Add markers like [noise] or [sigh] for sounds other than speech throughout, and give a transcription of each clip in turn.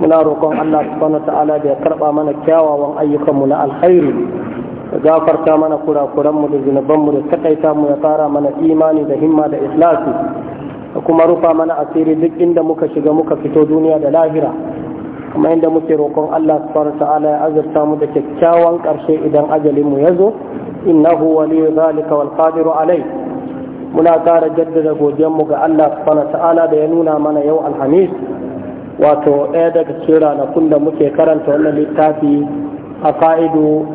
muna roƙon Allah subhanahu ta'ala da ya karɓa mana kyawawan ayyukanmu na alkhairi da gafarta mana mu da mu da takaita mu ya tsara mana imani da himma da ikhlasi da kuma rufa mana asiri duk inda muka shiga muka fito duniya da lahira kuma inda muke roƙon Allah subhanahu ta'ala ya azurta mu da kyakkyawan ƙarshe idan ajalin mu ya zo innahu waliyyu zalika wal qadiru alai muna ƙara jaddada mu ga Allah subhanahu ta'ala da ya nuna mana yau alhamis wato ɗaya daga cikin ranakun da muke karanta wannan littafi a fa'idu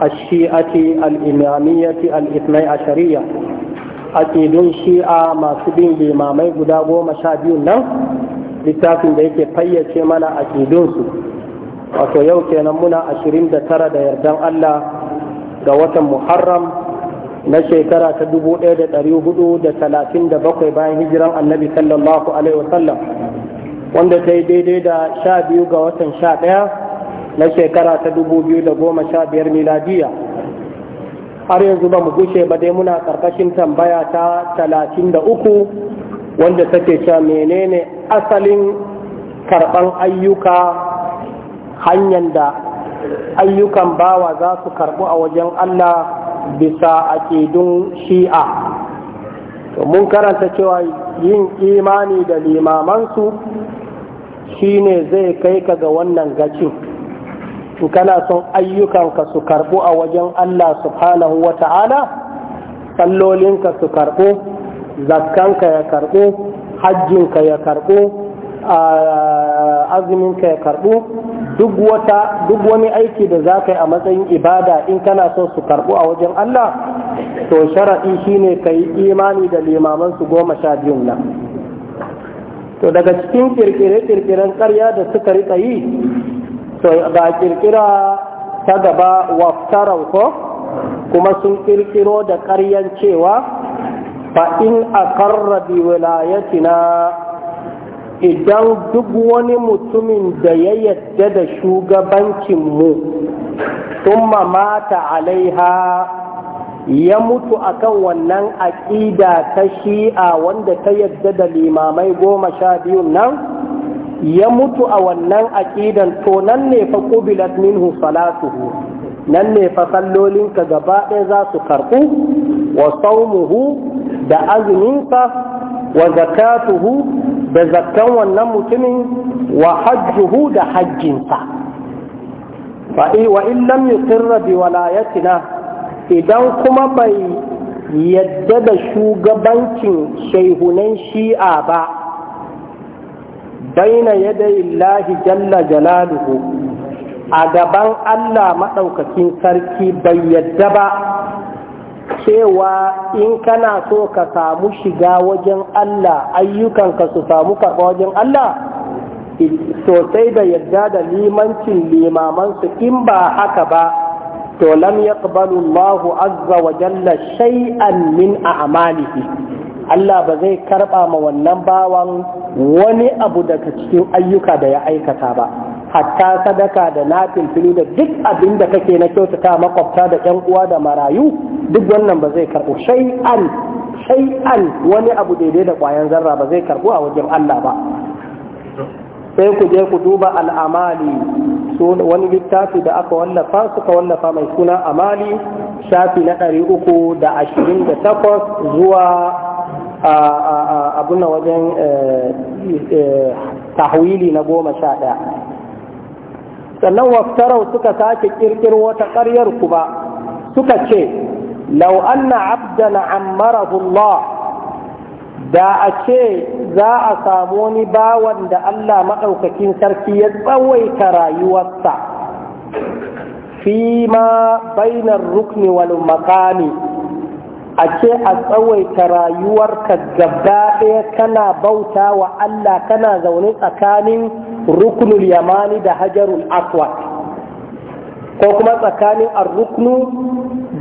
a shi'ati al'imamiyyati al'ifnai a shari'a a ƙidun shi'a masu bin limamai guda goma sha biyu nan littafin da yake fayyace mana a ƙidunsu wato yau kenan muna ashirin da tara da yardan Allah ga watan Muharram na shekara ta dubu ɗaya da ɗari hudu da talatin da bakwai bayan hijiran annabi sallallahu alaihi wasallam wanda ta yi daidai da sha biyu ga watan sha ɗaya na shekara ta dubu biyu da goma sha biyar miladiya har yanzu ba mu gushe ba dai muna ƙarƙashin tambaya ta talatin da uku wanda take cewa menene asalin karɓan ayyuka hanyar da ayyukan bawa za su karɓu a wajen Allah bisa aƙidun shi'a mun karanta cewa yin imani da limamansu shine zai kai ka ga wannan gacin in kana son ayyukanka su karɓu a wajen Allah subhanahu wa ta'ala sallolinka su karɓu zakkanka ya karɓu hajjinka ya karɓu azuminka ya karbu duk wani aiki da za ka yi a matsayin ibada in kana son su karɓu a wajen Allah to sharaɗi shine ka yi imani da limaman su goma sha biyun nan to daga cikin kirkire-kirkiren karya da suka rika yi to ga kirkira ta gaba waftaran ko kuma sun kirkiro da karyan cewa fa in a karrabi wilayatina idan duk wani mutumin da ya yadda da shugabancinmu sun mamata alaiha ya mutu akan wannan aƙida ta shi'a wanda ta yadda da limamai goma sha biyun nan ya mutu a wannan aƙidan to nan ne fa ƙubilat minhu salatuhu nan ne fa sallolinka gaba ɗaya za su karɓu wa saumuhu da azuminsa wa zakatuhu da zakkan wannan mutumin wa hajjuhu da hajjinsa wa in lam yuqirra bi walayatina idan kuma bai yadda da shugabancin shaihunan shi'a ba baina yadda illahi jalla jalaluhu a gaban Allah maɗaukakin sarki bai yadda ba cewa in kana so ka samu shiga wajen Allah ayyukanka su samu karɓa wajen Allah sosai da yadda da limancin limamansu in ba haka ba to lam yaqbalu Allahu azza wa jalla shay'an min a'malihi Allah ba zai karba ma wannan bawan wani abu daga cikin ayyuka da ya aikata ba hatta sadaka da nafil fili da duk abin da kake na kyautata makwabta da ƴan uwa da marayu duk wannan ba zai karbo shay'an shay'an wani abu daidai da ƙwayan zarra ba zai karbo a wajen Allah ba sai ku je ku duba al'amali wani littafi da aka wallafa suka wallafa mai suna amali shafi na ɗari uku da ashirin da takwas zuwa abuna wajen eh, eh, tahwili na goma sha ɗaya sannan waftarau suka sake ƙirƙir wata ƙaryar ku ba suka ce lau anna abdana ammarahu Allah da a ce za a samu wani bawan da Allah maɗaukakin sarki ya tsawaita rayuwarsa fi ma bainar rukni wal makami a ce a tsawaita rayuwarka gaba ɗaya kana bauta wa Allah kana zaune tsakanin rukunul yamani da hajarul aswad ko kuma tsakanin arruknu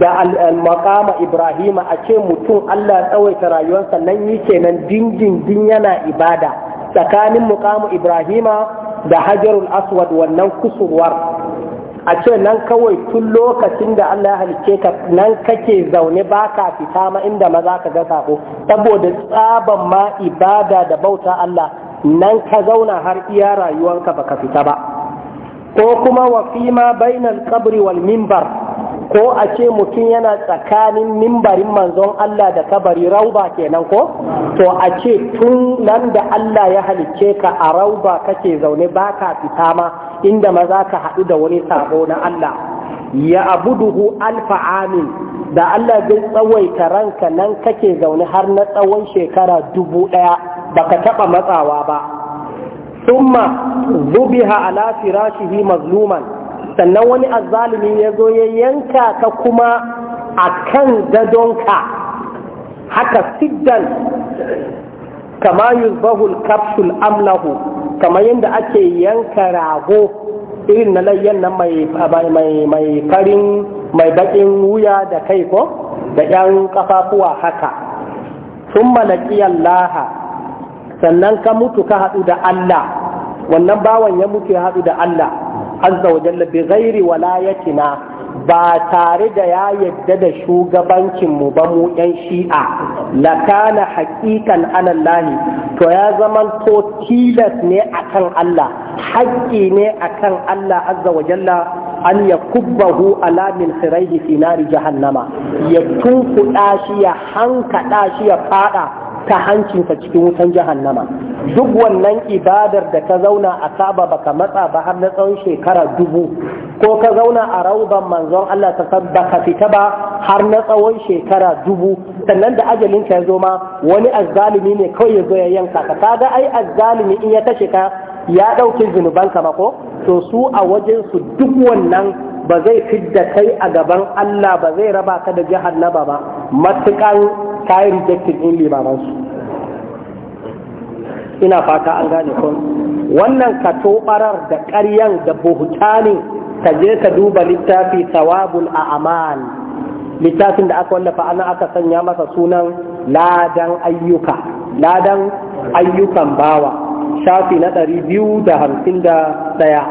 da al-maqama ibrahima a ce mutum Allah tsawaita rayuwarsa nan yi kenan dingin din yana ibada tsakanin muqamu ibrahima da hajarul aswad wannan kusurwar a ce nan kawai tun lokacin da Allah ya halice ka nan kake zaune baka fita ma inda ma za ka ga sako saboda tsaban ma ibada da bauta Allah nan ka zauna har iya rayuwarka baka fita ba ko kuma wa fima bainal kabri wal mimbar ko a ce mutum yana tsakanin mimbarin manzon Allah da kabari rauba kenan ko to a ce tun nan da Allah ya halicce ka a rauba kake zaune ba ka fita ma inda ma za ka haɗu da wani sabo na Allah ya abuduhu alfa amin da Allah zai tsawaita ranka nan kake zaune har na tsawon shekara dubu ɗaya baka taɓa matsawa ba thumma zubiha ala firashihi mazluman sannan wani azzalimi ya zo ya yanka ka kuma a kan gadonka haka siddan kama bahul kapsul amlahu kamar yadda ake yanka rago irin na layyan nan mai farin mai bakin wuya da kai ko da 'yan kafafuwa haka sun malaki laha sannan ka mutu ka haɗu da Allah wannan bawan ya mutu ya haɗu da Allah azza wa jalla bi ghairi walayatina ba tare da ya yadda da shugabancin mu ba mu yan shi'a la kana haqiqan ala Allah to ya zaman to tilas ne akan Allah haƙƙi ne akan Allah azza wa jalla an ya kubbahu ala min khiraihi fi nari jahannama ya tunkuɗa shi ya hankaɗa shi ya fada ta hancinsa cikin wutan jahannama duk wannan ibadar da ka zauna a saba baka matsa ba har na tsawon shekara dubu ko ka zauna a rauban manzon Allah ta sabba ka fita ba har na tsawon shekara dubu sannan da ajalin ka ya zo ma wani azzalimi ne kawai ya zo ya yanka ka kaga ai azzalimi in ya kashe ka ya ɗauki zunuban ka ko to su a wajen su duk wannan ba zai fidda kai a gaban Allah ba zai raba ka da jahannama ba matukan kayan rejectin in limamansu ina fata an gane kun wannan ka tobarar da ƙaryan da buhutanin ka je ka duba littafi a a'mal littafin da aka wallafa ana aka sanya masa sunan ladan ayyuka ladan ayyukan bawa shafi na ɗari biyu da hamsin da ɗaya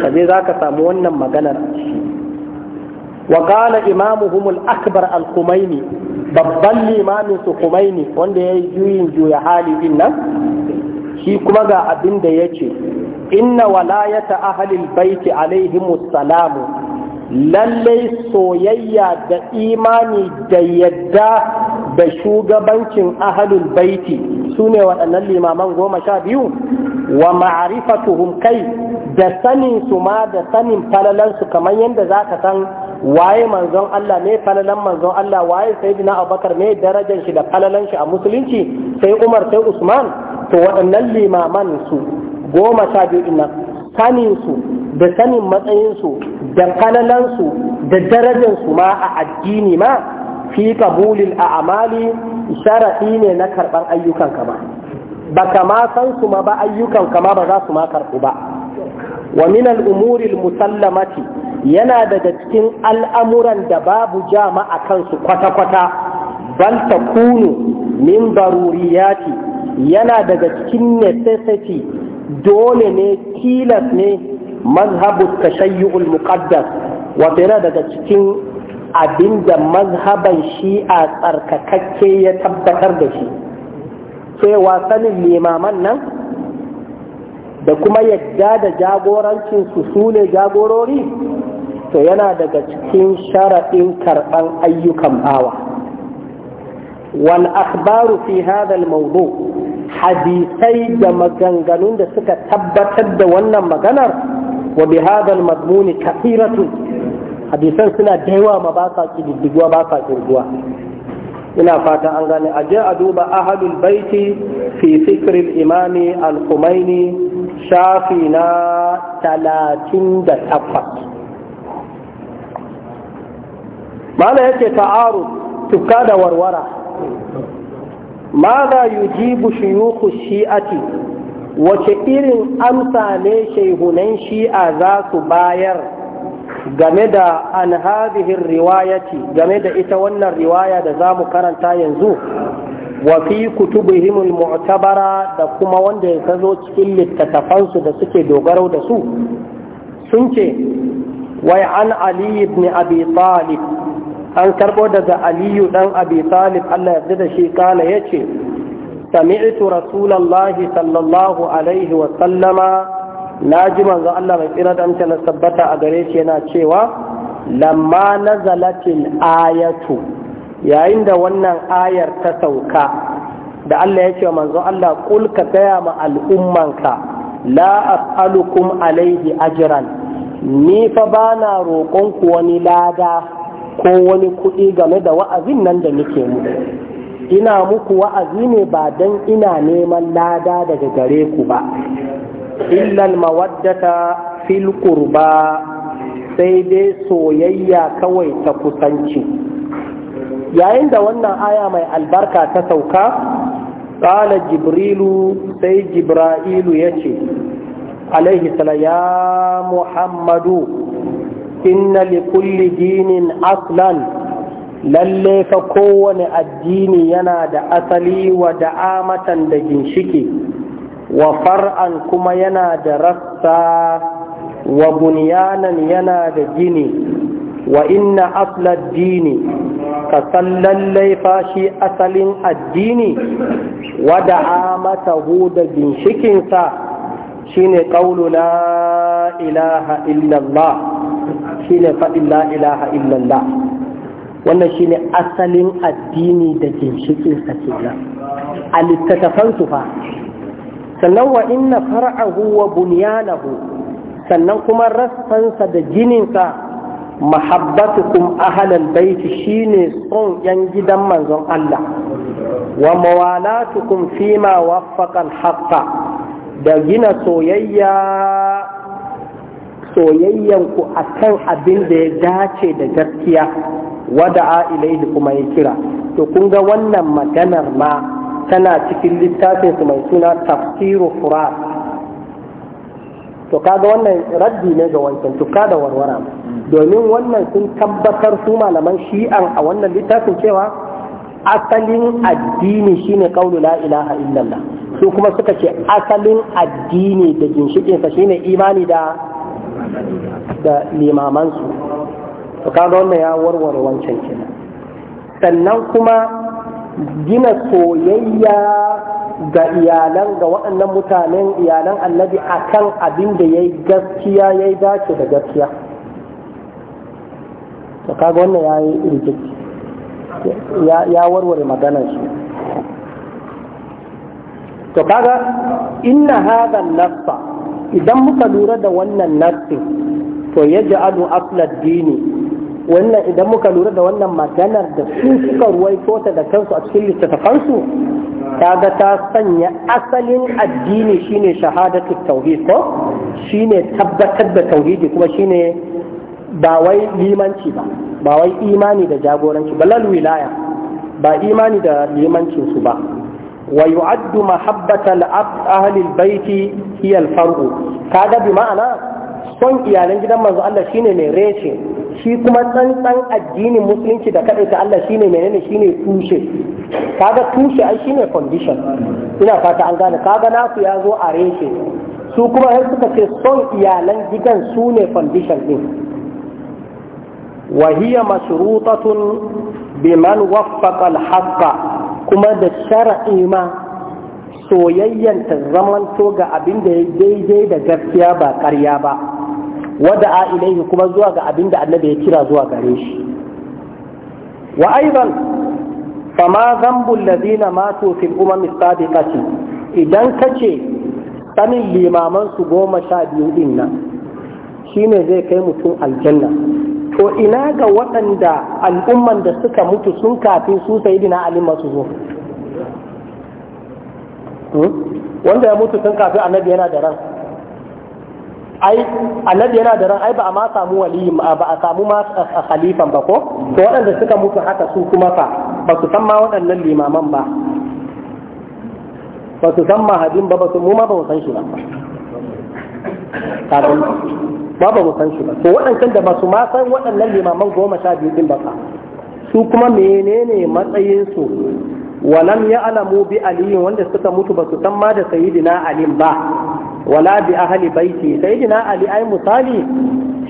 ka je za ka samu wannan maganar وقال إمامهم الأكبر الخميني babban limamin su kumaini wanda ya yi juyin juya hali din nan shi kuma ga abin da ya ce inna walayata ahlil baiti alaihimus salamu lallai soyayya da imani da yadda da shugabancin ahalul baiti su ne waɗannan limaman goma sha biyu wa ma'arifatuhum kai da sanin su ma da sanin falalansu kamar yadda za ka san waye manzon Allah ne falalan manzon Allah waye sayyidina Abubakar ne darajar shi da falalan shi a musulunci sai Umar sai Usman to waɗannan limaman su goma sha biyu din sanin su da sanin matsayin su da falalan su da darajar su ma a addini ma fi a a'mali sharaɗi ne na karban ayyukan ka ba ma san su ma ba ayyukan ka ma ba za su ma karbu ba wa min al-umuri al-musallamati yana daga cikin al'amuran da babu jama'a a kansu kwata-kwata bal ta kunu min baruriyati yana daga cikin necessity dole ne tilas ne mazhabu tashayyu'ul muqaddas wato yana daga cikin abinda mazhaban shi shi'a tsarkakakke ya tabbatar da shi cewa sanin limaman nan da kuma yadda da jagorancinsu su ne jagorori to yana daga cikin sharaɗin karɓan ayyukan bawa wal akhbaru fi hadha al mawdu hadisai da maganganun da suka tabbatar da wannan maganar wa bi hadha al madmuni kathiratu hadisan suna da ma ba sa kididdiguwa ba sa kirguwa ina fata an gane a je a duba ahalul baiti fi fikr imami al shafi na talatin da mala yace ta'aru tuka da warwara ماذا يجيب شيوخ الشيعة wace irin amsa ne shehunan shi'a za su bayar game da an hadihin riwayati game da ita wannan riwaya da za mu karanta yanzu wa fi kutubihimul mu'tabara da kuma wanda ya tazo cikin littattafansu da suke dogaro da su sun ce wai an aliyu ibn abi talib an karɓo daga aliyu ɗan abi talib allah yarda da shi kala yace ce sami'tu rasulullahi sallallahu alaihi wa na ji manzo allah mai tsira da na sabbata a gare shi yana cewa lamma nazalatil ayatu yayin da wannan ayar ta sauka da allah ya ce manzo allah kul ka gaya ma al'ummanka la as'alukum alaihi ajran ni fa bana roƙonku wani lada ko wani kuɗi game da wa'azin nan da nake muku ina muku wa'azi ne ba don ina neman lada daga gare ku ba illal mawaddata fil ba sai dai soyayya kawai ta kusanci yayin da wannan aya mai albarka ta sauka qala jibrilu sai jibra'ilu yace alaihi ya muhammadu inna li kulli dinin aslan lalle fa kowane addini yana da asali wa da'amatan da ginshiki wa far'an kuma yana da rassa wa bunyanan yana da gini wa inna Aslan dini ka san lallai fashi asalin addini wa da'amatahu da ginshikinsa shine qawlu la ilaha illallah ne faɗin Lailaha illallah wannan shine asalin addini da ginshiƙin sa kenan a littattafan fa sannan wa inna far'ahu wa bunyanahu sannan kuma rassansa da jininsa mahabbatukum ahlal baiti shine son yan gidan manzon Allah wa mawalatukum fima waffaqa al da gina soyayya soyayyanku a kan abin da ya dace da gaskiya wada'a ilaihi kuma ya kira to kun ga wannan maganar ma tana cikin littafinsu mai suna tafsiru furat to kaga wannan raddi ne ga wancan to kada warwara domin wannan sun tabbatar su malaman shi'an a wannan littafin cewa asalin addini shine kaulu la ilaha illallah su kuma suka ce asalin addini da ginshikinsa shine imani da da limamansu to kaga wannan ya warware wancan kenan sannan kuma gina soyayya ga iyalan ga waɗannan mutanen iyalan annabi akan abin da ya yi gaskiya ya yi dace da gaskiya to kaga wannan ya yi rikici ya warware maganar shi to kaga inna hadha nafsa idan muka lura da wannan nassin to ya ja'alu aflad dini wannan idan muka lura da wannan maganar da su suka ruwaito ta da kansu a cikin littattafansu ta ga ta sanya asalin addini shine shahadatu tauhid ko shine tabbatar da tauhidi kuma shine ba wai limanci ba ba wai imani da jagoranci balal wilaya ba imani da limancinsu ba ويعد محبة أهل البيت هي الفرع كذا بمعنى son iyalan gidan manzo Allah shine mai reshe shi kuma tsantsan addinin musulunci da kadai ta Allah shine menene shine tushe kaga tushe ai shine condition ina fata an gane kaga nasu ya zo a reshe su kuma har suka ce son iyalan gidan su ne condition din وهي مشروطة biman وفق الحق kuma da شرع ما soyayyan ta zamanto ga abin da ya daidai da gaskiya ba karya ba wada a ilaihi kuma zuwa ga abin da annabi ya kira zuwa gare shi wa aiban fama zambul ladina matu fil umam sabiqati idan kace sanin limaman su goma sha biyu din nan shine zai kai mutum aljanna to ina ga waɗanda al'umman da suka mutu sun kafi su sai dina alimma masu zo hmm? wanda ya mutu sun kafi annabi yana da ran ai annabi yana da ran ai ba a ma samu wali ba a samu ma khalifan ba ko to waɗanda suka mutu haka su kuma fa ba su san ma waɗannan limaman ba ba su san mahadin ba ba su mu ma ba mu san shi ba ba ba mu san shi ba to waɗancan da ba su ma san waɗannan limaman goma sha biyu din ba ka? su kuma menene matsayin su walam ya alamu bi aliyin wanda suka mutu ba su san ma da sayyidina alim ba wala bi ahli baiti sayyidina ali ai misali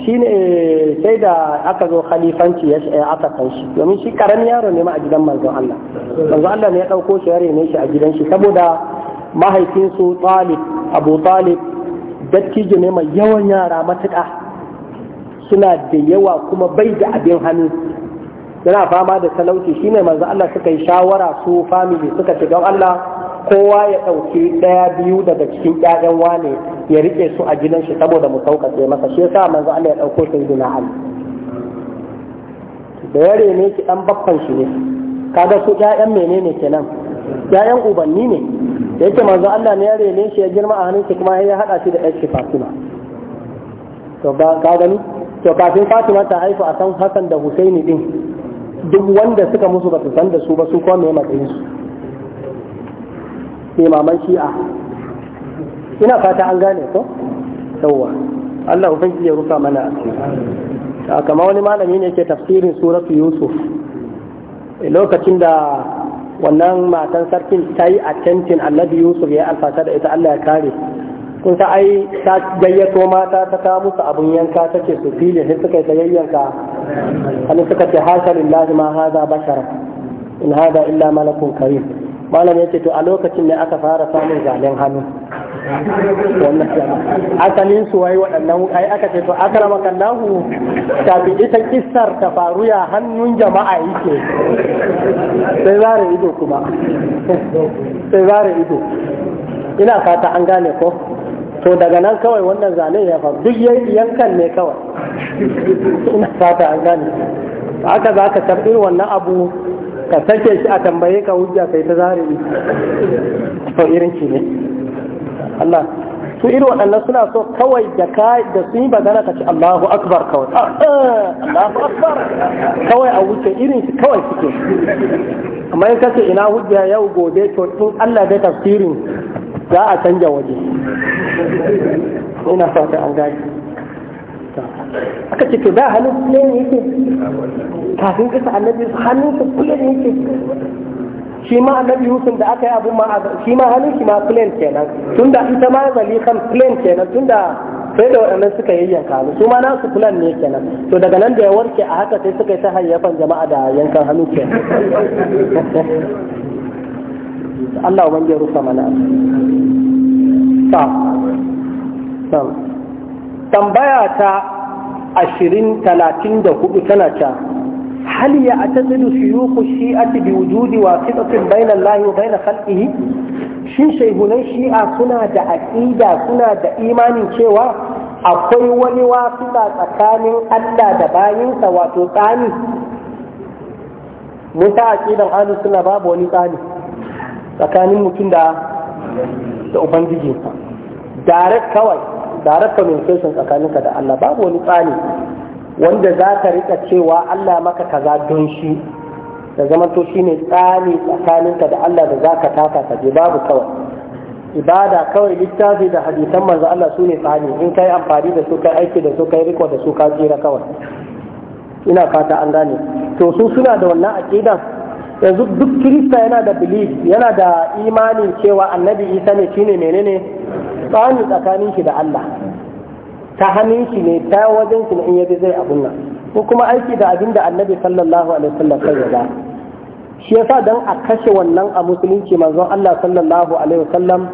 shine eh, sai da aka zo khalifanci ya eh, aka san shi domin shi karamin yaro ne ma a gidan manzon Allah manzon Allah ne ya dauko shi ya ne shi a gidan shi saboda mahaifinsu Talib Abu Talib dattijo ne mai yawan yara matuƙa suna da yawa kuma bai da abin hannu yana fama da talauci shine manzo Allah suka yi shawara su family suka ce don Allah kowa ya ɗauki ɗaya biyu daga cikin ƴaƴan wane ya rike su a gidan shi saboda mu sauƙaƙe masa shi yasa manzo Allah ya ɗauko sayyidina hannu? da yare ne ki dan baffan shi ne kaga su ƴaƴan menene kenan ƴaƴan ubanni ne da yake manzo Allah ne ya rene shi ya girma a hannunsa kuma ya hada shi da ɗanki Fatima to ba ka gani to kafin Fatima ta haifu a san Hassan da Husaini din duk wanda suka musu ba su san da su ba su kuma me matsayin su imaman shi'a ina fata an gane ko yawwa Allah ubangiji ya rufa mana a Kamar wani malami ne ke tafsirin suratu Yusuf lokacin da wannan matan sarkin ta yi attentin annabi yusuf ya alfasa da ita allah ya kare kun ta ai ta gayyato mata ta kawo musu abun yanka ta ce su fili sai suka yi ta yayyanka hannu suka ce hasha lillahi ma haza bashara in haza illa malakun karim malam ya ce to a lokacin ne aka fara samun zalen hannu asalin su wai waɗannan ai aka ce to akrama kallahu bi ita kissar ta faru ya hannun jama'a yake sai zare ido kuma sai zare ido ina fata an gane ko to daga nan kawai wannan zane ya faru duk yankan ne kawai ina fata an gane haka za ka tabbir wannan abu ka sake shi a tambaye ka hujja kai ta zare ido to irin shi ne Allah su irin waɗannan suna so kawai da ka da sun yi magana ka ce Allahu Akbar kawai ah, eh, Allahu Akbar kawai a wuce irin shi kawai suke amma in kace ina hujja yau gobe to in Allah da tafsirin za a canja waje ina fata an gaji aka ce to da hannun kulle ne yake kafin kasa annabi hannun kulle ne yake shi ma annabi yusuf da aka yi abu ma shi ma hannun shi ma plain kenan tun da ita ma zalikan plain kenan da sai da waɗannan suka yayyanka hannu su ma su plan ne kenan to daga nan da ya warke a haka sai suka yi ta hayyafan jama'a da yankan hannu kenan [laughs] Allah ubangiji ya rufa mana tambaya ta ashirin talatin da hudu tana can هل يعتقد شيوخ الشيعة بوجود واسطة بين الله وبين خلقه شي شيخنا الشيعة سنة دا عقيدة سنة دا إيمان شوى akwai wani wasuɗa tsakanin Allah da bayinsa wato tsani mun ta aƙidan suna babu wani tsani tsakanin mutum da da ubangiji direct kawai direct communication tsakaninka da Allah babu wani tsani wanda za ka rika cewa Allah maka kaza don shi da zama to ne tsani tsakaninka da Allah da za ka taka ka je babu kawai ibada kawai littafi da hadisan manzo Allah su ne tsani in kai amfani da su kai aiki da su kai riko da su ka tsira kawai ina fata an gane to su suna da wannan aqida yanzu duk kirista yana da belief yana da imanin cewa annabi isa ne shine menene tsani tsakanin shi da Allah ta hannun shi ne ta wajen shi in yabi zai abun nan ko kuma aiki da abin da annabi sallallahu alaihi wasallam kai ya shi yasa dan a kashe wannan a musulunci manzo Allah sallallahu alaihi wasallam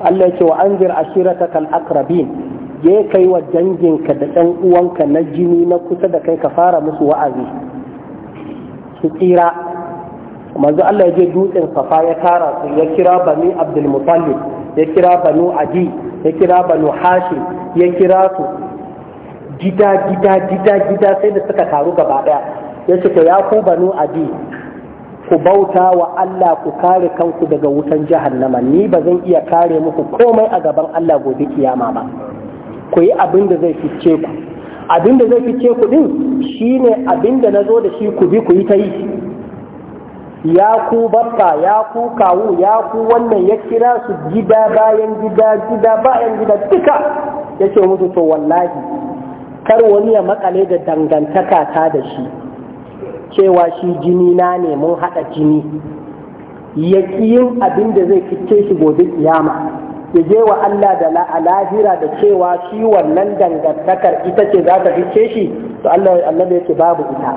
Allah yake wa anzir ashiratakal aqrabin je kai wa danginka da ɗan uwanka na jini na kusa da kai ka fara musu wa'azi su tsira manzo Allah ya je dutsen safa ya tara su ya kira bani abdul ya kira banu adi ya kira banu hashim ya kira su gida gida gida gida sai da suka taru gaba daya ya ce ya ku banu adi ku bauta wa Allah ku kare kanku daga wutan jahannama ni ba zan iya kare muku komai a gaban Allah gobe kiyama ba ku yi abin da zai fice ku abin da zai fice ku din shine abin da na zo da shi ku bi ku yi ta yi ya ku babba ya ku kawu ya ku wannan ya kira su gida bayan gida gida bayan gida duka ya ce musu to wallahi kar wani ya makale da dangantaka ta da shi cewa shi jini na ne mun haɗa jini ya yin abin da zai fice shi gobe kiyama ya je wa Allah da lahira da cewa shi wannan dangantakar ita ce za ta fice shi to Allah ya ce babu ita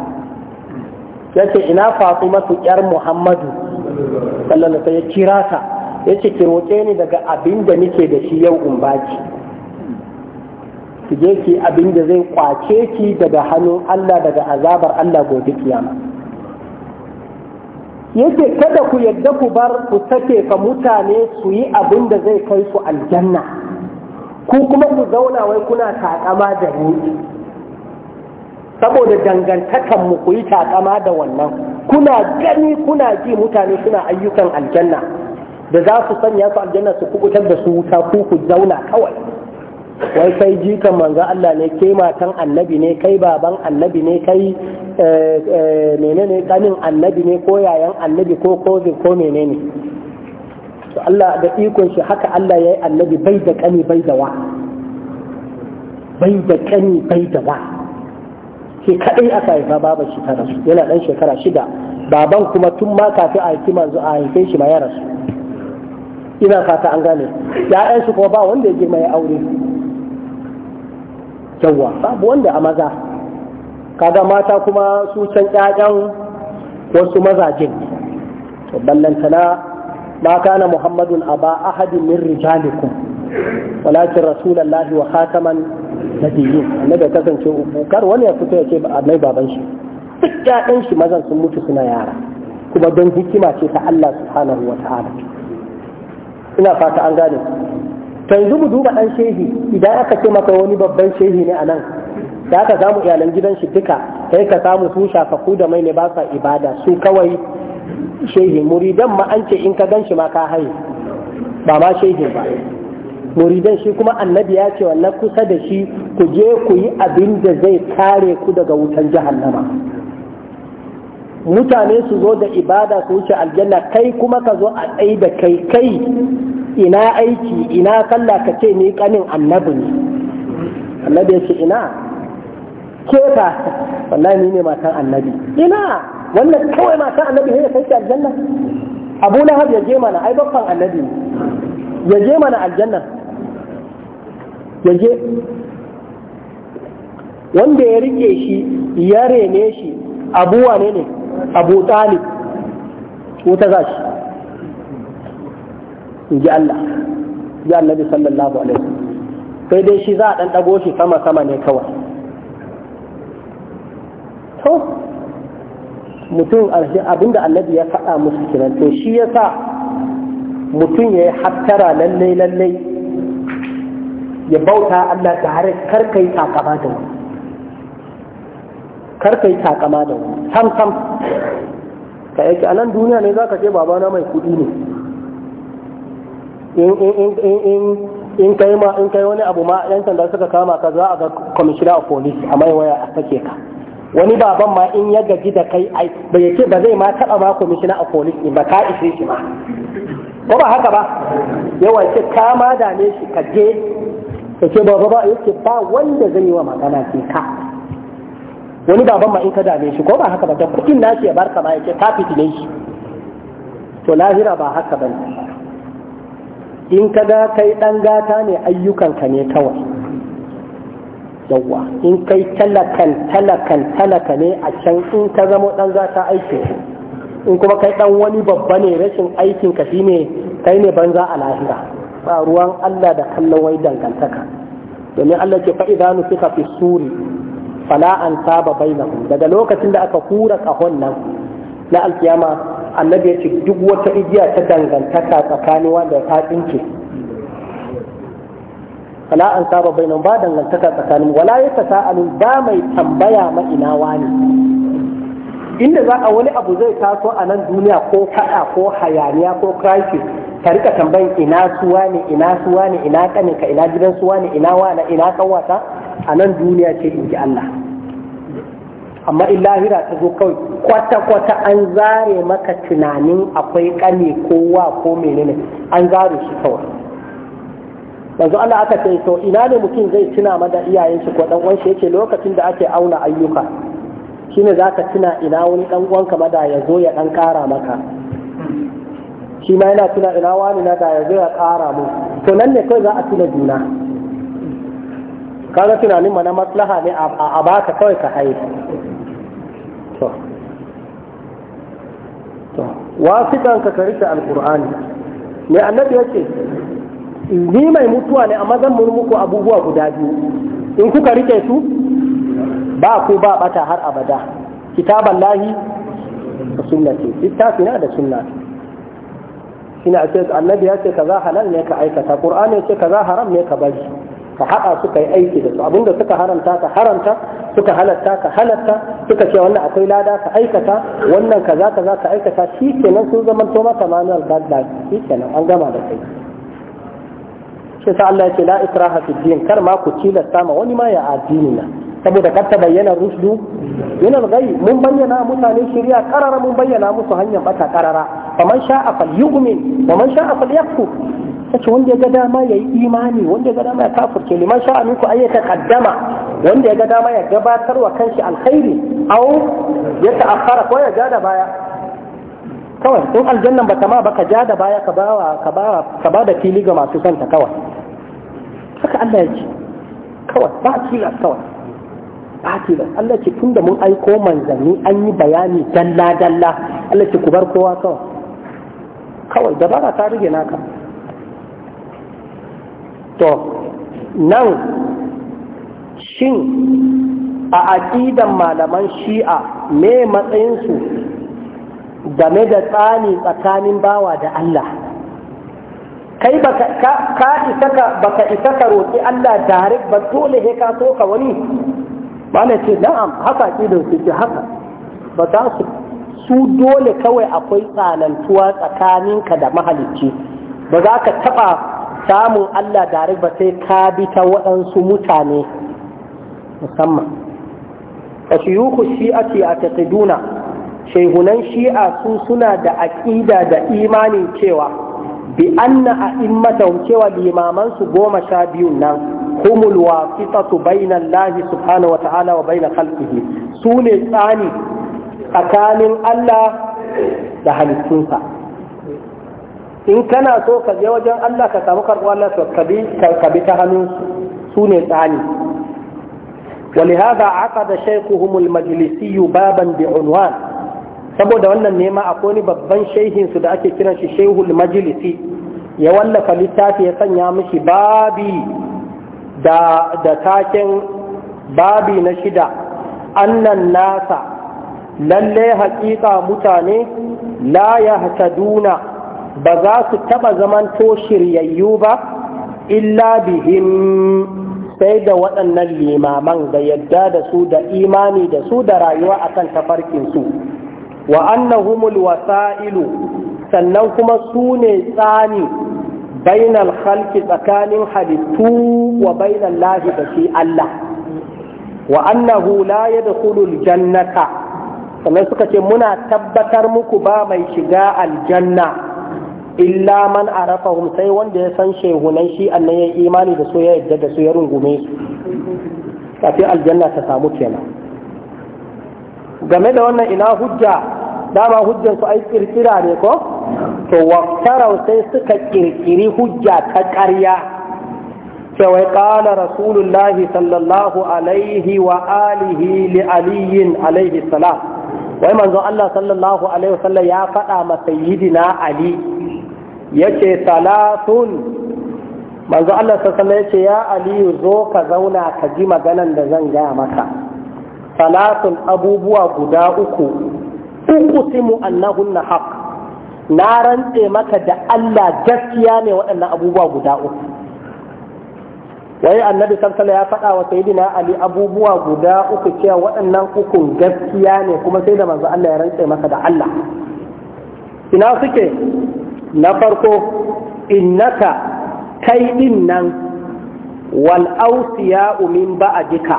ya ce ina masu yar muhammadu sallallahu ta ya kira ta ya ce ki roƙe ni daga abin da nike da shi yau in baki ki je ki abin da zai kwace ki daga hannun Allah daga azabar Allah gobe kiyama ce kada ku yadda ku bar ku sake ka mutane su yi abin da zai kai su aljanna ku kuma ku zauna wai kuna takama da ni saboda dangantakan mu ku yi takama da wannan kuna gani kuna ji mutane suna ayyukan aljanna da za su sanya su aljanna su kubutar da su wuta ku ku zauna kawai wai sai jikan manzo Allah ne kai matan annabi ne kai baban annabi ne kai eh, eh, menene kanin annabi ne ko yayan annabi ko kozin ko menene to Allah da ikon shi haka Allah yayi annabi bai da kani bai da wa bai da kani bai da wa shi kadai aka haifa baba shi ta rasu yana dan shekara shida baban kuma tun ma kafi a haifi manzo a haife shi ma ya rasu ina fata an gane ya'yan shi kuma ba wanda ya girma ya aure yawa babu wanda a maza kaga mata kuma su can ƴaƴan wasu mazajin to ballantana ma kana muhammadun aba ahadin min rijalikum walakin rasulullahi wa khataman Na biyu annabi ya kasance bukar wani ya fito ya ce mai baban shi duk shi mazan sun mutu suna yara kuma don hikima ce ta Allah subhanahu wa ta'ala ina fata an gane to yanzu mu duba ɗan shehi idan aka ce maka wani babban shehi ne a nan da aka samu iyalan gidan shi duka sai ka samu su shafaku da mai ne ba sa ibada su kawai shehi muridan ma an ce in ka gan ma ka haye ba ma shehi ba muridan shi kuma annabi ya ce na kusa da shi ku je ku yi abin da zai kare ku daga wutan jahannama mutane su zo da ibada su wuce aljanna kai kuma ka zo a tsaye da kai kai ina aiki ina kalla ka ce ni kanin annabi ne annabi ya ce ina kefa wallahi ni ne matan annabi ina wannan kawai matan annabi ne ya kai aljanna abu lahab ya je mana ai babban annabi ne ya je mana aljanna Yaje, wanda ya rike shi ya rene shi abu wane ne abu talib wuta za shi in ji Allah ji annabi sallallahu alaihi sai dai shi za a ɗanɗago shi sama sama ne kawai to mutum abinda annabi ya faɗa musu kiran to shi ya sa mutum ya yi hattara lallai lallai ya bauta Allah da har kar takama da wani kar takama da wani sam sam ka yake a nan duniya ne za ka ce babana mai kuɗi ne in kai ma in kai wani abu ma yan sanda suka kama ka za a ga commissioner of police a mai waya a sake ka wani baban ma in ya gaji da kai ai bai ce ba zai ma taba ma commissioner of police din ba ka ishe shi ba ko ba haka ba yawan ce ka ma dame shi ka je ta ce ba ba yake ba wanda zai yi wa magana sai ka wani baban ma in ka dame shi ko ba haka ba da kuɗin nashi ya barka ba yake ka ne shi to lahira ba haka ba in ka ga kai ɗan gata ne ayyukanka ne kawai yawwa in kai talakan talakan talaka ne a can in ka zama ɗan gata aiki in kuma kai ɗan wani babba ne rashin aikinka shine kai ne banza a lahira faruwan ruwan Allah da kallon wai dangantaka domin Allah ce fa idza nusika fi suri fala an saba bainahum daga lokacin da aka hura kahon nan na alkiyama annabi ya ce duk wata igiya ta dangantaka tsakanin wanda ta tsinke fala an saba bainahum ba dangantaka tsakanin wala sa'alu ba mai tambaya ma ina wani inda za a wani abu zai taso a nan duniya ko fada ko hayaniya ko crisis ka rika tambayin ina suwa ne ina suwa ne ina kane ka ina gidan suwa ne ina wana ina kawata a nan duniya ce in ji Allah amma in lahira ta zo kawai kwata-kwata an zare maka tunanin akwai kane kowa ko menene an zare shi kawai yanzu Allah aka ce to ina ne mutum zai tuna mada iyayen shi ko dan wanshi shi yake lokacin da ake auna ayyuka shine zaka tuna ina wani dan uwanka mada ya zo ya dan kara maka shi ma yana tuna ina wani na da yanzu ya kara mu to nan ne kawai za a tuna juna kaga tunanin mana maslaha ne a baka kawai ka haye to to ka karita alƙur'ani me annabi yake ni mai mutuwa ne amma zan murmuku abubuwa guda biyu in kuka rike su ba ku ba bata har abada kitaban lahi sunnati littafi na da sunnati shine a ce annabi ya ce kaza halal ne ka aikata qur'ani ya ce kaza haram ne ka bari ka haɗa suka yi aiki da su abinda suka haramta ka haramta suka halatta ka halatta suka ce wannan akwai lada ka aikata wannan kaza kaza ka aikata shi sun zama to mata manual guideline shi an gama da kai shi sa Allah ya ce la ikraha fi din kar ma ku tilasta ma wani ma ya addini na saboda kar ta bayyana rusdu yana gai mun bayyana mutane shari'a karara mun bayyana musu hanyar bata karara faman sha'a falyu'min wa man sha'a falyakfur tace wanda ya ga dama yi imani wanda ya ga dama ya kafirce liman sha'a minku ta kaddama wanda ya ga dama ya gabatar wa kanshi alkhairi au ya ta'akhkhara ko ya ja da baya kawai in aljannan bata ma baka ja da baya ka bawa ka bawa ka bada fili ga masu santa kawai haka Allah ya ce kawai ba tilas kawai fatilar Allah ce tun da mun aiko manzanni an yi bayani dalla dalla Allah ce ku bar kowa kawai kawai dabara ta rige naka to nan shin a aƙidan malaman shi'a me matsayinsu game da tsani tsakanin bawa da Allah kai ka isa ka baka isa ka roƙi Allah direct ba dole he ka so ka wani ba ce na'am haka aƙidan su ce haka ba za su su dole kawai akwai tsanantuwa tsakaninka da mahalicci ba za ka taɓa samun Allah dare ba sai ka bi ta waɗansu mutane musamman a shiyuku shi'a a taƙiduna shehunan shi'a su suna da aƙida da imanin cewa bi anna a immatan cewa limamansu goma sha biyu nan humul wasitatu baina Allah subhanahu wa ta'ala wa baina khalqihi su ne tsani tsakanin Allah da halittunsa in kana so ka je wajen Allah ka samu karɓuwar Allah ka bi ta hannu su ne tsani ولهذا عقد شيخهم المجلسي بابا بعنوان saboda wannan nema akwai wani babban shehin su da ake kiran shi shehu majalisi ya wallafa littafi ya sanya mishi babi da da taken babi na shida annan nasa lalle haƙiƙa mutane la yahtaduna ba za su taɓa zamanto shiryayyu ba illa bihin sai da waɗannan limaman da yadda da su da imani da su da rayuwa akan tafarkinsu wa annahumul wasa'ilu sannan kuma su ne tsani bainal halki tsakanin halittu wa bainal lahi da shi Allah wa annahu la yadkhulul jannata sannan suka ce muna tabbatar muku ba mai shiga aljanna illa man arafahum sai wanda ya san shehunan shi annan ya imani da su ya yadda da su ya rungume su kafin aljanna ta samu kenan game da wannan ina hujja dama hujjan su ai kirkira ne ko to waftarau sai suka kirkiri hujja ta ƙarya wai ƙala rasulullahi sallallahu alaihi wa alihi li aliyin alaihi salam wai manzon Allah sallallahu alaihi wasallam ya faɗa ma sayyidina Ali yace salatun manzon Allah sallallahu alaihi yace ya Ali zo ka zauna ka ji maganan da zan gaya maka salatun abubuwa guda uku uqsimu annahunna haqq na rantse maka da Allah gaskiya ne waɗannan abubuwa guda uku wai annabi sallallahu ya faɗa wa sayyidina ali abubuwa guda uku cewa waɗannan uku gaskiya ne kuma sai da manzo Allah ya rantse maka da Allah ina suke na farko innaka kai din nan wal awsiya'u min ba'dika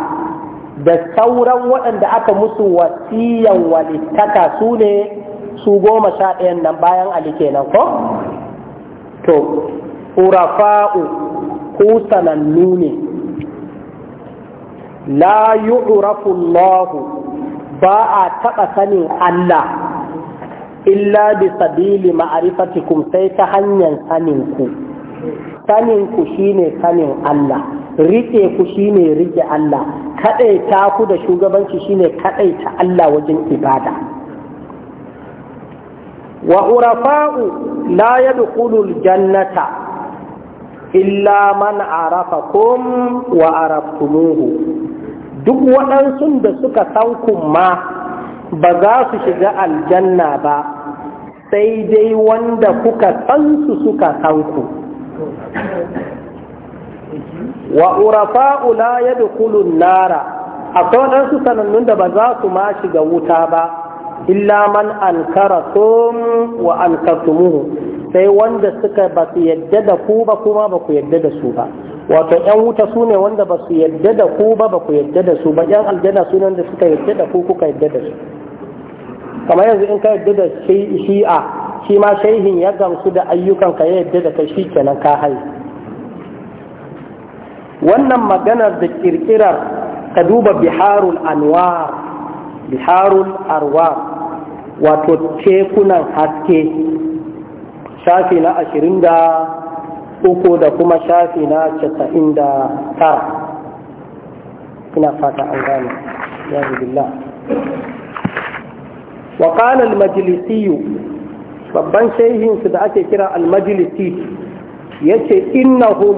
da sauran waɗanda aka musu wasiyan walittaka su ne su goma sha ɗayan nan bayan ali kenan ko to urafa'u ku sanannu ne la yu'rafu Allah ba a taɓa sanin Allah illa bi sabili ma'rifatikum sai ta hanyar sanin ku sanin ku shine sanin Allah rike ku shine rike Allah ta ku da shugabanci shine ta Allah wajen ibada wa urafa'u la yadkhulul jannata illa man arafakum wa araftumuhu duk waɗansu da suka sankun ma ba za su shiga aljanna ba sai dai wanda kuka sansu suka sanku wa ya da kulun nara akwai waɗansu sanannun da ba za su ma shiga wuta ba illa man ankaratum wa ankartumuhu sai wanda suka ba su yadda da ku ba kuma ba ku yadda da su ba wato yan wuta su ne wanda ba su yadda da ku ba ba ku yadda da su ba yan aljanna su ne wanda suka yadda da ku kuka yadda da su kamar yanzu in ka yadda da shi'a shi ma shaihin ya gamsu da ayyukan ka ya yadda da kai shi kenan ka hai wannan maganar da kirkirar ka duba biharul anwar biharul arwa wato tekunan haske shafi na ashirin da uku da kuma shafi na casa'in da tara ina fata an gane ya billah wa qala al babban shehinsu da ake kira almajalisi ya ce innahum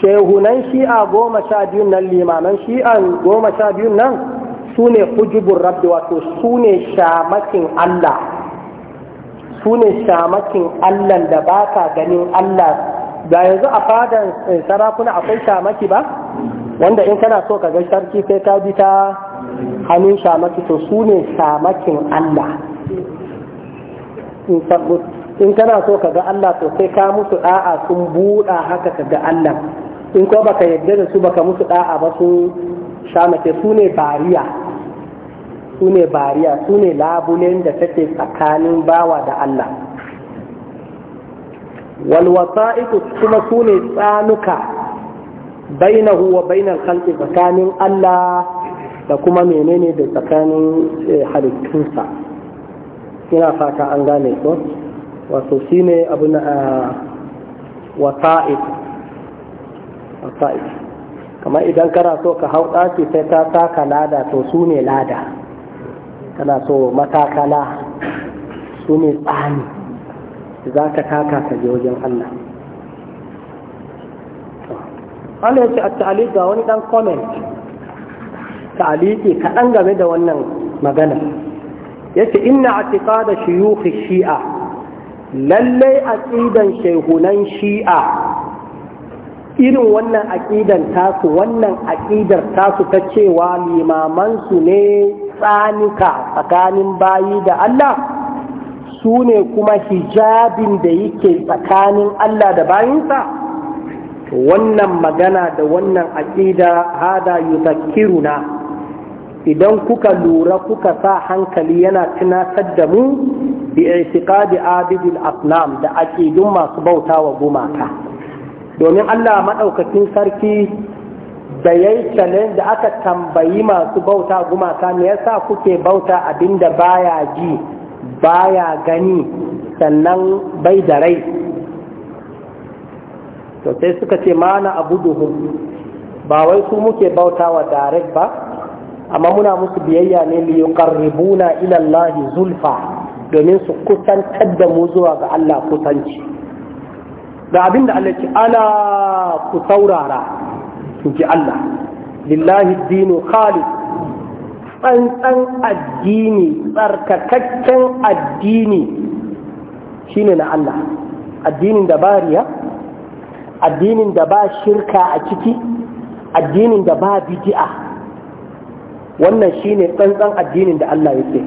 shehunan shi'a goma sha biyun nan limanan shi'an goma sha biyun nan su ne hujubun rabbi wato su ne shamakin Allah su ne shamakin Allah da ba ka ganin Allah da yanzu a fadan eh, sarakuna akwai shamaki ba wanda in kana so ka ga sarki sai ka bi ta hannun shamaki to su ne shamakin Allah in kana so ka ga Allah to sai ka musu da'a sun buɗa haka ka ga Allah in ko baka yadda da su baka musu da'a ba sun shamake su ne bariya su ne bariya su ne labulen da take tsakanin bawa da Allah walwasa'iku kuma su ne tsanuka bainahu wa bainal khalqi tsakanin Allah da kuma menene da tsakanin eh, halittunsa ina fata an gane ko wato shine abu na ah, wasa'ik kamar idan kana so ka hau ɗaki sai ka saka lada to su ne lada kana so matakala su ne tsani za ka taka ka je wajen Allah Allah ya ce a ta'alif ga wani ɗan comment ta'aliki kaɗan game da wannan magana ya ce ina a tika da shiyuhi shi'a lallai aƙidan shehunan shi'a irin wannan aƙidan tasu wannan aƙidar tasu ta cewa limamansu ne tsanika tsakanin bayi da Allah su ne kuma hijabin da yake tsakanin Allah da bayinsa wannan magana da wannan aƙida hada na? idan kuka lura kuka sa hankali yana tunatar da mu bi i'tiqadi abidil asnam da aƙidun masu bauta wa gumaka domin Allah maɗaukakin sarki da yayi da aka tambayi masu bauta gumaka me yasa kuke bauta abinda baya ji baya gani sannan bai da rai to sai suka ce mana duhu ba wai su muke bauta wa darek ba amma muna musu biyayya ne li yuqarribuna ila zulfa domin su kusantar da mu zuwa ga Allah kusanci da abin Allah ce ana ku saurara inji Allah lillahi dinu khalid tsantsan addini tsarkakakken addini shine na Allah addinin da ba riya addinin da ba shirka a ciki addinin da ba bidi'a wannan shine tsantsan addinin da Allah yake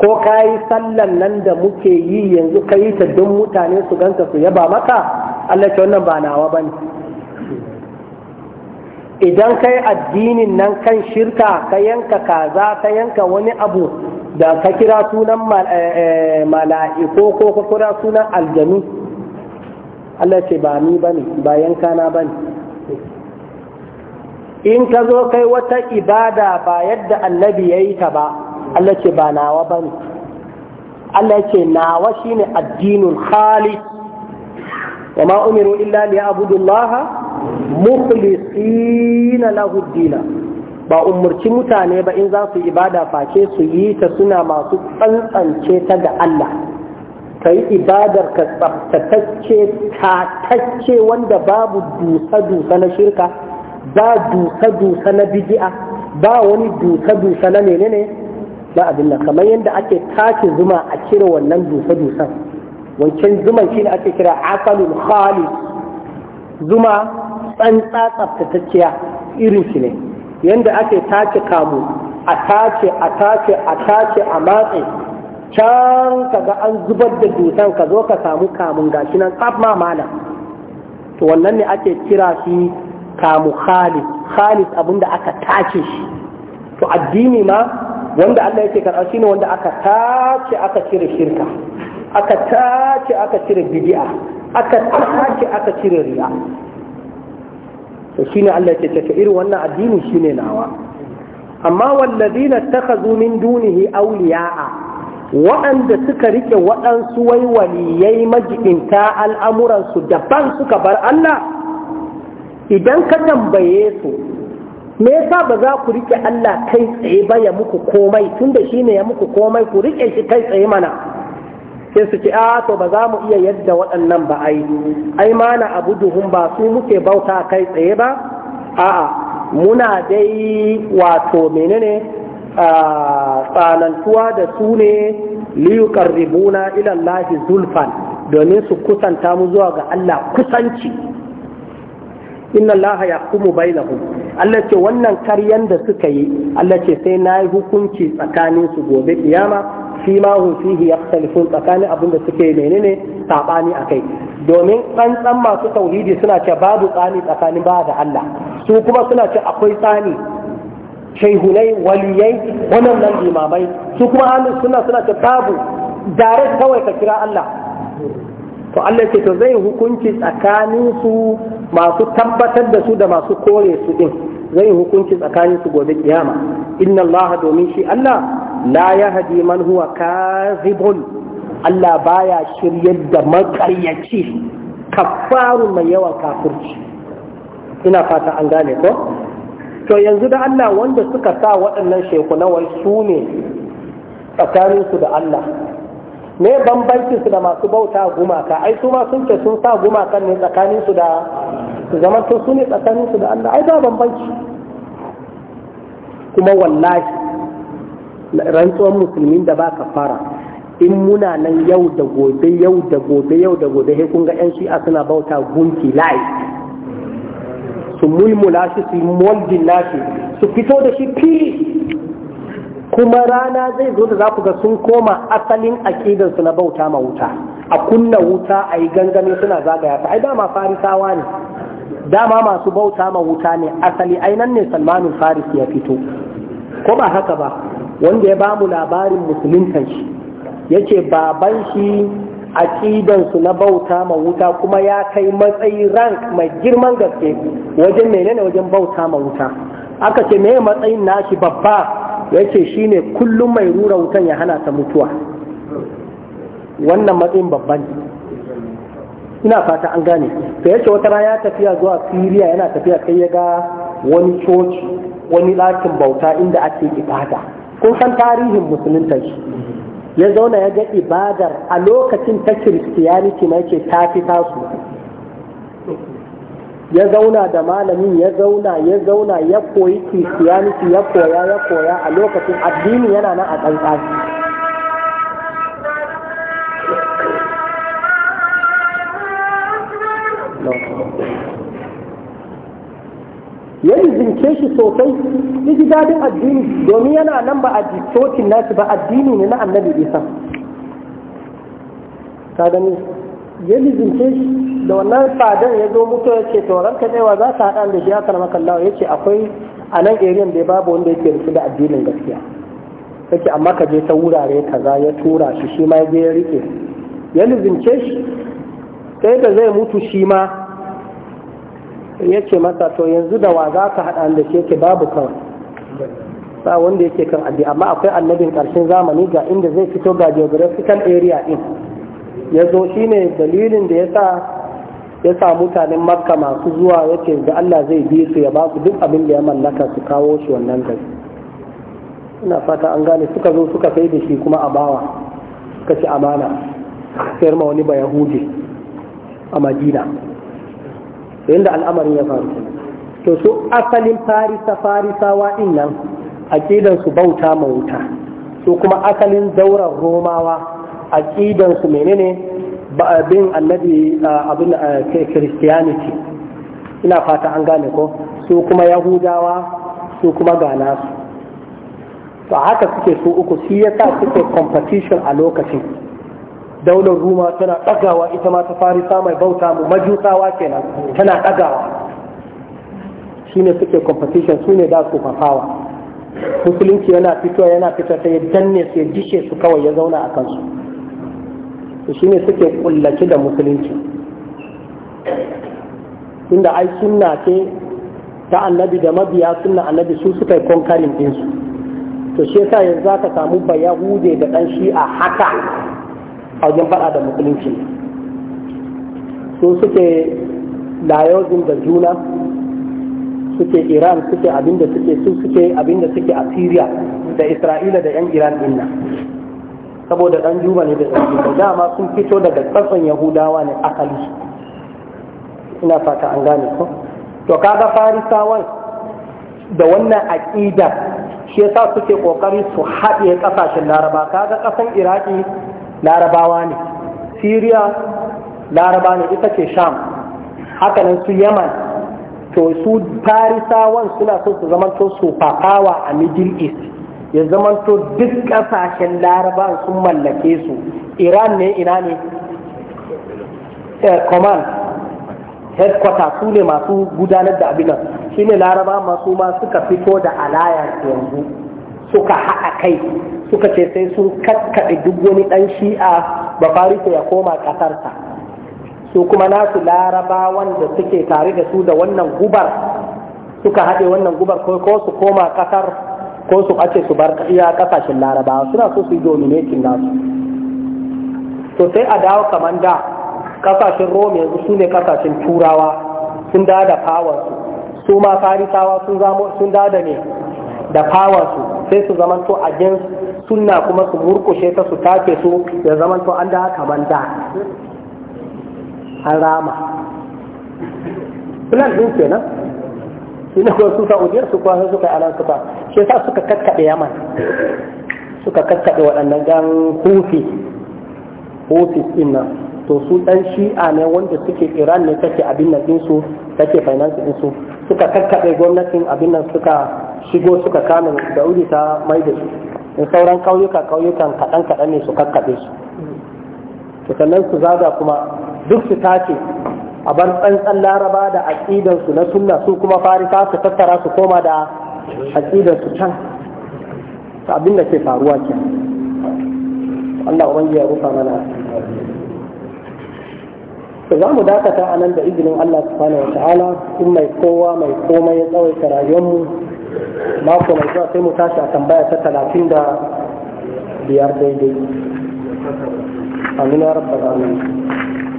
ko ka yi sallan nan da muke yi yanzu ka yi ta don mutane su ganta su yaba maka Allah ce wannan ba nawa bane idan ka yi addinin nan kan shirka ka yanka kaza ka yanka wani abu da ka kira sunan eh, eh, mala'iko ko ka kira sunan aljanu Allah ce ba ni ba ne ba yanka na ba ne in ka zo kai wata ibada ba yadda annabi ya yi ta ba Allah ce ba nawa ba ne Allah ce nawa shine addinul khalis wa ma umiru illa li abudullaha mukhlisina lahu dina ba umurci mutane ba in za su ibada face su yi ta suna masu tsantsance ta ga Allah ka yi ibadar ka tsaftatacce tatacce wanda babu dusa-dusa na shirka ba dusa-dusa na bidi'a ba wani dusa-dusa na menene na abin nan kamar yadda ake tace zuma a cire wannan dusa wancan zuman shi ne ake kira asalin khalis zuma tsantsa tsaftatacciya irin shi ne yadda ake tace kamu a tace a tace a tace a matse can kaga an zubar da dutan ka zo ka samu kamun gashi nan tsaf ma malam to wannan ne ake kira shi kamu khalis khalis abinda aka tace shi to addini ma wanda Allah yake karɓa shi ne wanda aka tace aka cire shirka aka tace aka cire bidi'a aka tace aka cire riya to shine Allah ke tafi irin wannan addini shine nawa amma wallazina takhazu min dunihi awliya'a waɗanda suka rike waɗansu waiwaliyai maji'inta al'amuransu daban suka bar Allah idan ka tambaye su me yasa ba za ku rike Allah kai tsaye ba ya muku komai tunda shine ya muku komai ku rike shi kai tsaye mana sai su ce a to ba za mu iya yadda waɗannan ba ai ai ma na abu duhun ba su muke bauta kai tsaye ba a'a muna dai wato menene tsanantuwa da su ne liyuqarribuna ila ilallahi zulfan domin su kusanta mu zuwa ga Allah kusanci inna Allah ya hukumu bainahum Allah ce wannan karyan da suka yi Allah ce sai na yi hukunci tsakaninsu gobe kiyama fi ma hum fihi yaktalifun tsakanin abin da suke menene sabani akai domin tsantsan masu tauhidi suna ce babu tsani tsakanin ba da Allah su kuma suna ce akwai tsani shaihunai waliyai wannan nan limamai su kuma ahlus suna suna ce babu dare kawai ka kira Allah to Allah ce to zai hukunci tsakanin su masu tabbatar da su da masu kore su din zai hukunci tsakanin su gobe kiyama inna Allah domin shi Allah la yi man huwa kazibun. Allah baya shiryar da makaryaci kafaru mai yawan kafirci ina fata an gane ko to yanzu da Allah wanda suka sa waɗannan shekunawar su ne tsakaninsu da Allah me bambancin su da masu bauta gumaka ai su ma sun ce sun sa gumakan ne tsakanin su da su zama to su ne tsakanin su da Allah ai ba bambanci kuma wallahi rantsuwar musulmin da ba fara in muna nan yau da gobe yau da gobe yau da gobe sai kun ga yan shi'a suna bauta gunki lai su mulmula shi su moldi nashi su fito da shi fili kuma rana zai zo da za ku ga sun koma asalin aƙidansu na bauta ma wuta a kunna wuta a yi gangane suna zagaya ta ai dama farisawa ne dama masu bauta ma wuta ne asali ai nan ne salmanin faris ya fito ko ba haka ba wanda ya ba mu labarin musuluntan shi ce baban shi a ƙidansu na bauta ma wuta kuma ya kai matsayi rank mai girman gaske wajen menene wajen bauta ma wuta aka ce me matsayin nashi babba ya ce shi ne kullum mai rura wutan ya hana ta mutuwa wannan matsayin babban ina fata an gane to yace wata raya ya tafiya zuwa siriya yana tafiya kai ya ga wani coci wani ɗakin bauta inda ake ibada kun san tarihin musulunta shi ya zauna ya ga ibadar a lokacin ta kiristiyaniti ma yake ta fi tasu ya zauna da malamin ya zauna ya zauna ya koyi kiristiyaniti ya koya ya koya a lokacin addini yana na a tsantsani ya lizince shi sosai ya ji daɗin addini domin yana nan ba a jitocin nashi ba addini ne na annabi isa ka gani ya lizince shi da wannan fadan ya zo mutu ya ce tauran ka wa za ka haɗa da shi ya karama kallawa ya ce akwai a nan eriyan ya babu wanda yake rufe da addinin gaskiya sai amma ka je ta wurare kaza ya tura shi shi ma ya je ya rike ya lizince shi sai da zai mutu shi ma ya ce masa to yanzu da wa za ka haɗa da shi yake babu kan sa wanda yake kan addi amma akwai annabin ƙarshen zamani ga inda zai fito ga geographical area din ya zo shi ne dalilin da ya sa mutanen makka masu zuwa ya ce da Allah zai bi su ya ba su duk abin da ya mallaka su kawo shi wannan gari ina fata an gane suka zo suka kai da shi kuma a bawa suka ci amana sayar ma wani ba yahudi a madina da al'amarin ya faru to su asalin farisa farisawa din nan aqidan su bauta ma wuta su kuma asalin zauren romawa aqidan su menene bin annabi abin christianity ina fata an gane ko su kuma yahudawa su kuma gana su to haka suke su uku shi yasa suke competition a lokacin daular ruma tana ɗagawa ita ma ta farisa mai bauta mu majusawa kenan tana ɗagawa ne suke competition su ne da su fafawa musulunci yana fitowa yana fita ta ya danne su ya dishe su kawai ya zauna a kansu shi ne suke kullace da musulunci inda ai sunna ce ta annabi da mabiya sunna annabi su suka yi konkarin ɗinsu to shi yasa yanzu za ka samu Bayahude da ɗan shi'a haka a wajen faɗa da musulunci su suke layozin da juna suke iran suke abinda suke su suke abinda suke a syria da isra'ila da yan iran dinna saboda dan juma ne da da dama sun fito daga tsatson yahudawa ne akali ina fata an gane ko to kaga farisawan da wannan aqida shi yasa suke kokari su haɗe kasashen laraba kaga kasan iraki larabawa ne syria laraba ne ita ce sham hakanan su yaman to su farisawan suna so su zamanto su fafawa a middle east ya to duk kasashen laraba sun mallake su iran ne ina ne eh, command headquarter su ne masu gudanar da abinan shi ne laraba masu ma suka fito da alliance yanzu suka haɗa kai suka ce sai sun kakkaɗe duk wani ɗan shi'a ba farisa ya koma ƙasarsa su kuma nasu larabawan da suke tare da su da wannan gubar suka haɗe wannan gubar ko su koma ƙasar ko su ɓace su bar iya ƙasashen larabawa suna so su yi dominating nasu to sai a dawo kamar da ƙasashen rome yanzu su ne ƙasashen turawa sun da da fawarsu su ma farisawa sun dawo da ne da fawarsu sai su to a jin suna kuma su murkushe ta su tace su ya to an da haka da an rama plan din kenan ina kuwa su ujiyar su kuwa suka ala suka shi sa suka kakkaɓe yaman suka kakkaɓe waɗannan gan hufi hufi ɗin nan to su ɗan shi'a ne wanda suke iran ne take abin nan ɗinsu take finance ɗinsu suka kakkaɓe gwamnatin abin nan suka shigo suka kame da wuri ta mai da su in sauran ƙauyuka ƙauyukan kaɗan kaɗan ne su kakkaɓe su to sannan su zaga kuma duk su tace a bar tsantsan laraba da aƙidansu na sunna su kuma farisa su tattara su koma da aƙidansu can abin da ke faruwa ke Allah ubangiji ya rufa mana to za mu dakata a nan da izinin Allah subhanahu wa ta'ala in mai kowa mai komai ya tsawaita rayuwarmu mako mai zuwa sai mu tashi a tambaya ta talatin da biyar daidai Amina ya